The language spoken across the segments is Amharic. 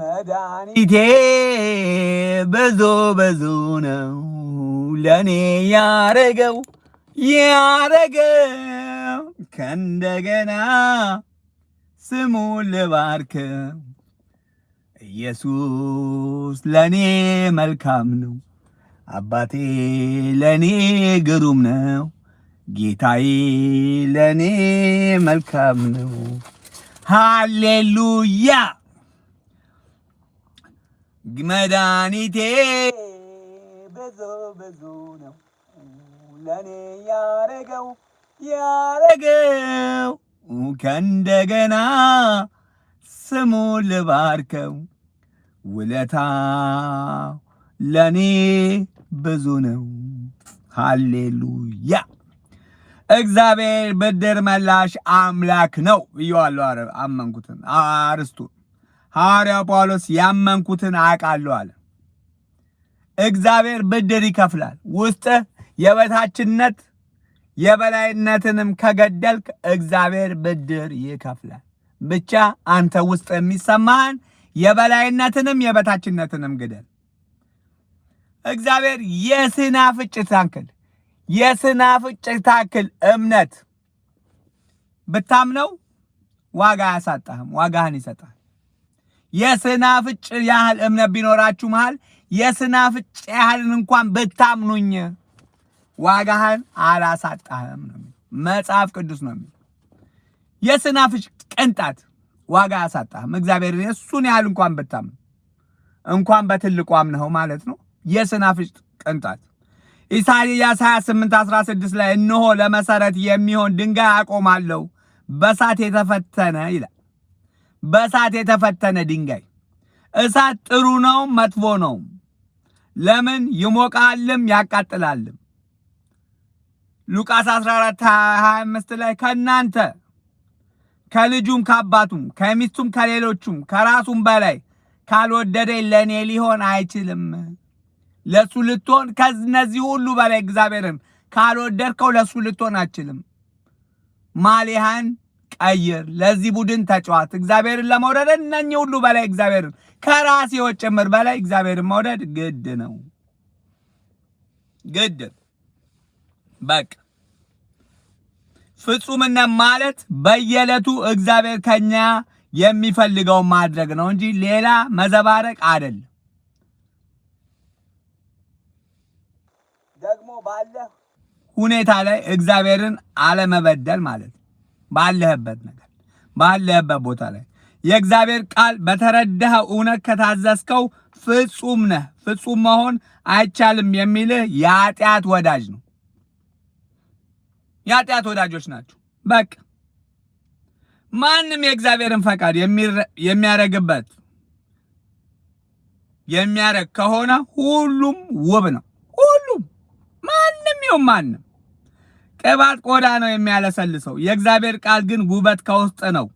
መድኃኒቴ ብዙ በዞ ነው ለእኔ ያረገው ያረገው ከእንደገና ስሙ ልባርክ ኢየሱስ ለእኔ መልካም ነው አባቴ ለእኔ ግሩም ነው ጌታዬ ለእኔ መልካም ነው ሃሌሉያ መድኃኒቴ ብዙ ብዙ ነው ለኔ ያረገው ያረገው ከእንደገና ስሙ ልባርከው ውለታ ለኔ ብዙ ነው። ሃሌሉያ እግዚአብሔር ብድር መላሽ አምላክ ነው ብየዋለሁ። አመንኩትን አርስቱን ሐዋርያው ጳውሎስ ያመንኩትን አውቃለሁ አለ። እግዚአብሔር ብድር ይከፍላል። ውስጥህ የበታችነት የበላይነትንም ከገደልክ እግዚአብሔር ብድር ይከፍላል። ብቻ አንተ ውስጥ የሚሰማህን የበላይነትንም የበታችነትንም ግደል። እግዚአብሔር የስናፍጭት ታክል የስናፍጭት ታክል እምነት ብታምነው ዋጋ አያሳጣህም፣ ዋጋህን ይሰጣል። የስናፍጭ ያህል እምነት ቢኖራችሁ መሃል የስናፍጭ ያህልን እንኳን ብታምኑኝ ዋጋህን አላሳጣህም ነው መጽሐፍ ቅዱስ ነው የሚለው። የስናፍጭ ቅንጣት ዋጋ አያሳጣህም። እግዚአብሔር እሱን ያህል እንኳን ብታምኑ እንኳን በትልቁ አምነኸው ማለት ነው። የስናፍጭ ቅንጣት ኢሳይያስ 28 16 ላይ እነሆ ለመሰረት የሚሆን ድንጋይ አቆማለሁ በሳት የተፈተነ ይላል። በእሳት የተፈተነ ድንጋይ። እሳት ጥሩ ነው መጥፎ ነው? ለምን ይሞቃልም ያቃጥላልም። ሉቃስ 14 25 ላይ ከእናንተ ከልጁም ከአባቱም ከሚስቱም ከሌሎቹም ከራሱም በላይ ካልወደደኝ ለእኔ ሊሆን አይችልም። ለሱ ልትሆን ከነዚህ ሁሉ በላይ እግዚአብሔርን ካልወደድከው ለሱ ልትሆን አችልም። ማሊሃን ቀይር፣ ለዚህ ቡድን ተጫዋት እግዚአብሔርን ለመውደድ እነኚህ ሁሉ በላይ እግዚአብሔርን ከራሴዎች ጭምር በላይ እግዚአብሔርን መውደድ ግድ ነው። ግድ በቃ ፍጹምነት ማለት በየዕለቱ እግዚአብሔር ከኛ የሚፈልገው ማድረግ ነው እንጂ ሌላ መዘባረቅ አይደል። ደግሞ ባለ ሁኔታ ላይ እግዚአብሔርን አለመበደል ማለት ባለህበት ነገር ባለህበት ቦታ ላይ የእግዚአብሔር ቃል በተረዳህ እውነት ከታዘዝከው ፍጹም ነህ። ፍጹም መሆን አይቻልም የሚልህ የኃጢአት ወዳጅ ነው። የኃጢአት ወዳጆች ናቸው። በቃ ማንም የእግዚአብሔርን ፈቃድ የሚያረግበት የሚያረግ ከሆነ ሁሉም ውብ ነው። ሁሉም ማንም ይሁን ማንም ቅባት ቆዳ ነው የሚያለሰልሰው። የእግዚአብሔር ቃል ግን ውበት ከውስጥ ነው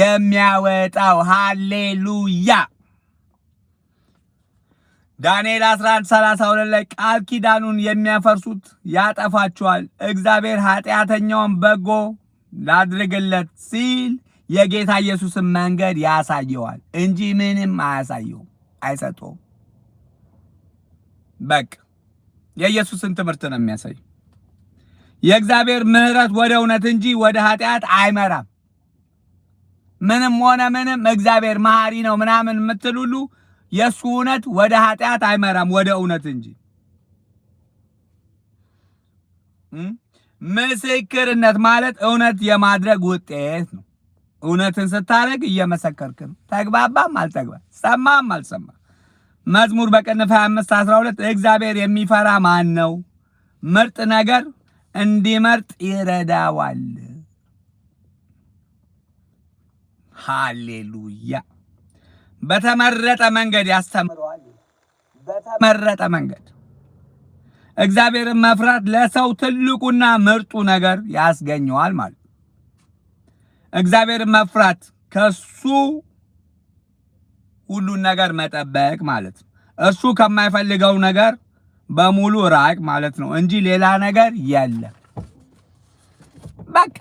የሚያወጣው። ሃሌሉያ። ዳንኤል 11 32 ላይ ቃል ኪዳኑን የሚያፈርሱት ያጠፋቸዋል፣ እግዚአብሔር ኃጢአተኛውን በጎ ላድርግለት ሲል የጌታ ኢየሱስን መንገድ ያሳየዋል እንጂ ምንም አያሳየው አይሰጠውም። በቅ የኢየሱስን ትምህርት ነው የሚያሳይ የእግዚአብሔር ምሕረት ወደ እውነት እንጂ ወደ ኃጢአት አይመራም። ምንም ሆነ ምንም እግዚአብሔር መሐሪ ነው ምናምን የምትል ሁሉ የእሱ እውነት ወደ ኃጢአት አይመራም፣ ወደ እውነት እንጂ። ምስክርነት ማለት እውነት የማድረግ ውጤት ነው። እውነትን ስታደርግ እየመሰከርክ ነው። ተግባባም አልተግባ ሰማም አልሰማ መዝሙር በቅንፍ 25 12 እግዚአብሔር የሚፈራ ማን ነው? ምርጥ ነገር እንዲመርጥ ይረዳዋል። ሃሌሉያ። በተመረጠ መንገድ ያስተምረዋል። በተመረጠ መንገድ እግዚአብሔርን መፍራት ለሰው ትልቁና ምርጡ ነገር ያስገኘዋል ማለት ነው። እግዚአብሔርን መፍራት ከሱ ሁሉን ነገር መጠበቅ ማለት ነው። እሱ ከማይፈልገው ነገር በሙሉ ራቅ ማለት ነው እንጂ ሌላ ነገር የለም። በቃ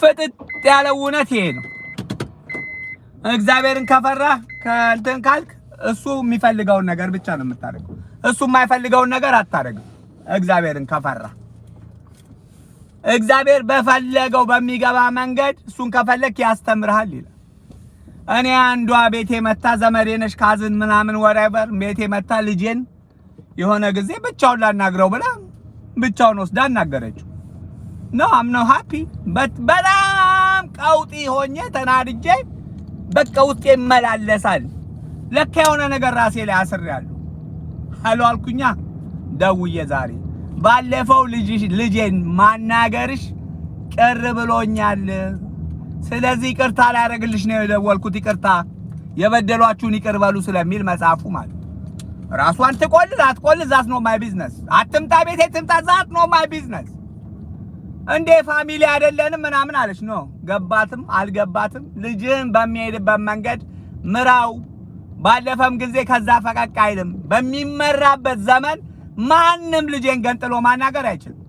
ፍጥጥ ያለ እውነት ይሄ ነው። እግዚአብሔርን ከፈራ ከእንትን ካልክ እሱ የሚፈልገውን ነገር ብቻ ነው የምታደርገው። እሱ የማይፈልገውን ነገር አታደርግም። እግዚአብሔርን ከፈራ እግዚአብሔር በፈለገው በሚገባ መንገድ እሱን ከፈለክ ያስተምርሃል ይላል። እኔ አንዷ ቤቴ መታ ዘመዴ ነሽ ካዝን ምናምን ወራይበር ቤቴ መታ ልጄን የሆነ ጊዜ ብቻውን ላናግረው ብላ ብቻውን ወስዳ አናገረችው። ኖ አም ኖ ሃፒ በት በጣም ቀውጢ ሆኜ ተናድጄ በቃ ውስጤ ይመላለሳል። ለካ የሆነ ነገር ራሴ ላይ አስሬያለሁ አሉ አልኩኛ። ደውዬ ዛሬ ባለፈው ልጄን ማናገርሽ ቅር ብሎኛል። ስለዚህ ይቅርታ ላያደርግልሽ ነው የደወልኩት። ይቅርታ የበደሏችሁን ይቅር በሉ ስለሚል መጽሐፉ ማለት ራሷን ትቆልዝ አትቆልዝ፣ ዛት ነው ማይ ቢዝነስ። አትምጣ ቤቴ ትምጣ፣ ዛት ነው ማይ ቢዝነስ። እንዴ ፋሚሊ አይደለንም ምናምን አለች። ነው ገባትም አልገባትም፣ ልጅህን በሚሄድበት መንገድ ምራው። ባለፈም ጊዜ ከዛ ፈቀቅ አይልም። በሚመራበት ዘመን ማንም ልጄን ገንጥሎ ማናገር አይችልም።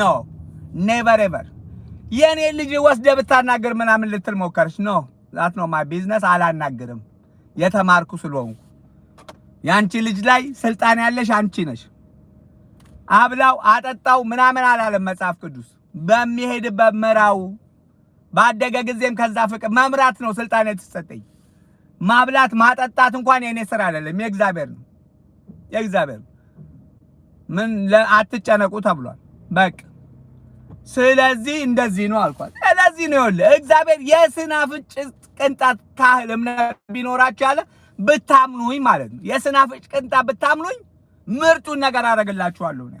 ኖ ኔቨር ኤቨር። የእኔ ልጅ ወስደ ብታናግር ምናምን ልትል ሞከረች። ኖ ዛት ነው ማይ ቢዝነስ። አላናግርም የተማርኩ ስለሆንኩ ያንቺ ልጅ ላይ ስልጣን ያለሽ አንቺ ነሽ። አብላው አጠጣው ምናምን አላለም መጽሐፍ ቅዱስ። በሚሄድበት ምራው። ባደገ ጊዜም ከዛ ፍቅር መምራት ነው ስልጣን የተሰጠኝ። ማብላት ማጠጣት እንኳን የእኔ ስራ አይደለም፣ የእግዚአብሔር ነው። የእግዚአብሔር ምን አትጨነቁ ተብሏል። በቃ ስለዚህ እንደዚህ ነው አልኳት። ስለዚህ ነው ይኸውልህ እግዚአብሔር የስናፍጭ ቅንጣት ካህል እምነት ቢኖራችሁ ያለ ብታምኑኝ ማለት ነው የስናፍጭ ቅንጣት ብታምኑኝ ምርጡን ነገር አደርግላችኋለሁ ነው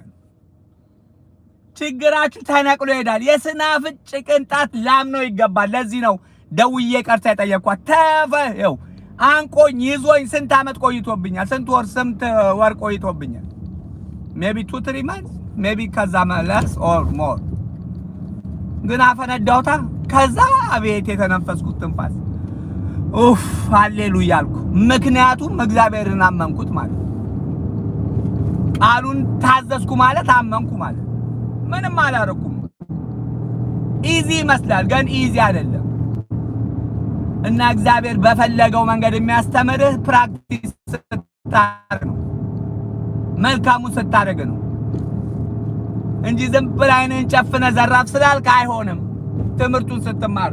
ችግራችሁ ተነቅሎ ይሄዳል። የስናፍጭ ቅንጣት ላምነው ይገባል። ለዚህ ነው ደውዬ ቀርታ የጠየቅኳት። ተፈው አንቆኝ ይዞኝ ስንት ዓመት ቆይቶብኛል። ስንት ወር ስንት ወር ቆይቶብኛል። ሜቢ ቱ ትሪ ማንስ ሜቢ ከዛ መለስ ኦር ሞር ግን አፈነዳውታ ከዛ ቤት የተነፈስኩት ትንፋስ ኡፍ ሃሌሉያ አልኩ። ምክንያቱም እግዚአብሔርን አመንኩት ማለት ቃሉን ታዘዝኩ ማለት አመንኩ ማለት ምንም አላረኩም። ኢዚ ይመስላል ግን ኢዚ አይደለም። እና እግዚአብሔር በፈለገው መንገድ የሚያስተምርህ ፕራክቲስ ስታደርግ ነው፣ መልካሙን ስታደርግ ነው እንጂ ዝም ብለህ ዓይንህን ጨፍነህ ዘራፍ ስላልክ አይሆንም። ትምህርቱን ስትማር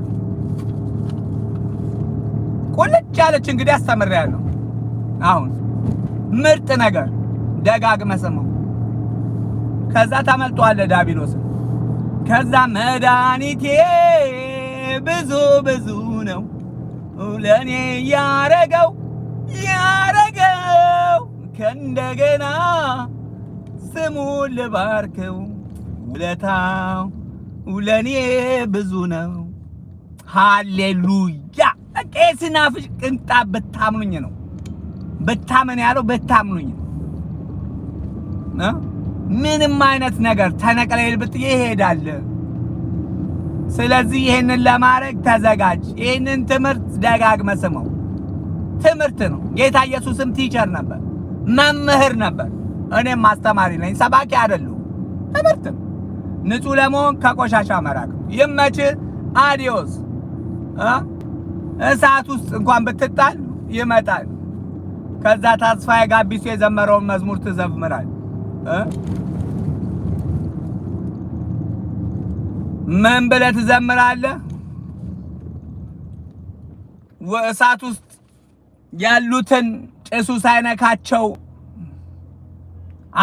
ቁልጭ ያለች እንግዲህ አስተምሬያለሁ። አሁን ምርጥ ነገር ደጋግመህ ስማው። ከዛ ታመልጠዋለህ ዲያብሎስን። ከዛ መድኃኒቴ ብዙ ብዙ ነው ለእኔ ያረገው ያረገው ከእንደገና ስሙን ልባርከው ውለታው ለእኔ ብዙ ነው። ሃሌሉያ ቄስ ፍጭ ቅንጣ ብታምኑኝ ነው ብታምን ያለው በታምኑኝ ነው። ምንም አይነት ነገር ተነቅለል ብትዬ ይሄዳል። ስለዚህ ይህንን ለማድረግ ተዘጋጅ። ይህንን ትምህርት ደጋግመ ስመው ትምህርት ነው። ጌታ ኢየሱስም ቲቸር ነበር፣ መምህር ነበር። እኔም አስተማሪ ነኝ፣ ሰባኪ አይደለሁም። ትምህርት ነው። ንጹህ ለመሆን ከቆሻሻ መራቅ ይመችህ። አዲዮስ እሳት ውስጥ እንኳን ብትጣል ይመጣል። ከዛ ተስፋዬ ጋቢሶ የዘመረውን መዝሙር ትዘምራል። ምን ብለህ ትዘምራለህ? እሳት ውስጥ ያሉትን ጭሱ ሳይነካቸው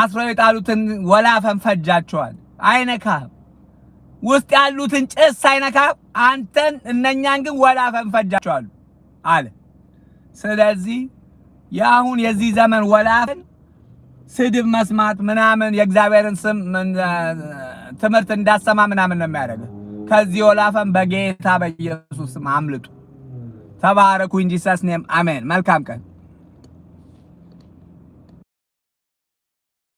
አስረው የጣሉትን ወላፈን ፈጃቸዋል። አይነካህም። ውስጥ ያሉትን ጭስ ሳይነካ አንተን እነኛን ግን ወላፈን ፈጃቸዋሉ አለ። ስለዚህ የአሁን የዚህ ዘመን ወላፈን ስድብ መስማት ምናምን የእግዚአብሔርን ስም ትምህርት እንዳሰማ ምናምን ነው የሚያደርገው። ከዚህ ወላፈን በጌታ በኢየሱስ ስም አምልጡ። ተባረኩ እንጂ አሜን። መልካም ቀን